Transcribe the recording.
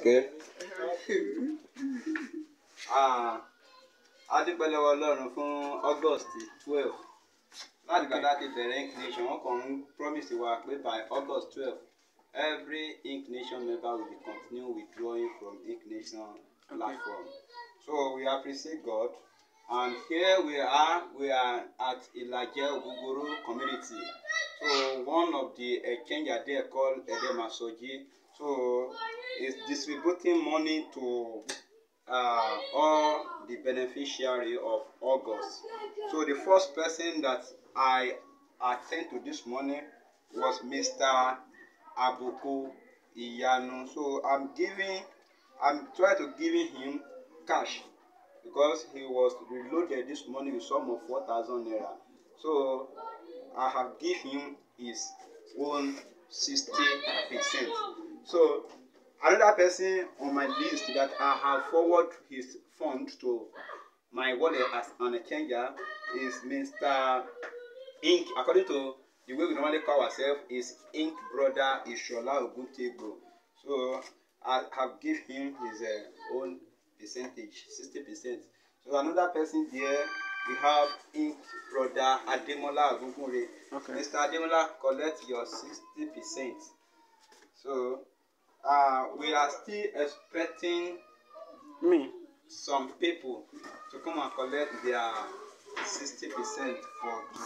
Àṣàkẹ́. Ah, adúpẹ́ lọ́wọ́ Ọlọ́run fún August twelve láti gbàdá ti bẹ̀rẹ̀ inclination wọn kàn ń promise wa pé by August twelve every inclination member will be continue withdrawing from inclination platform so we appreciate God and here we are we are at Ilaje Ogogoro community So one of the exchange are there called Edemasoji. So it's distributing money to uh, all the beneficiary of August. So the first person that I attend to this morning was Mr. Abuku Iyanu. So I'm giving, I'm trying to giving him cash because he was reloaded this morning with some of 4,000 naira. So I have given him his own sixty percent. So another person on my list that I have forwarded his fund to my wallet as an exchanger is Mr. Ink. According to the way we normally call ourselves, is Ink brother Ishola Oguntego. So I have given him his uh, own percentage, sixty percent. So another person there we have Inc. Brother Ademola Agungunre. Okay. Mr. Ademola collect your sixty percent. So uh, we are still expecting me some people to come and collect their sixty percent for.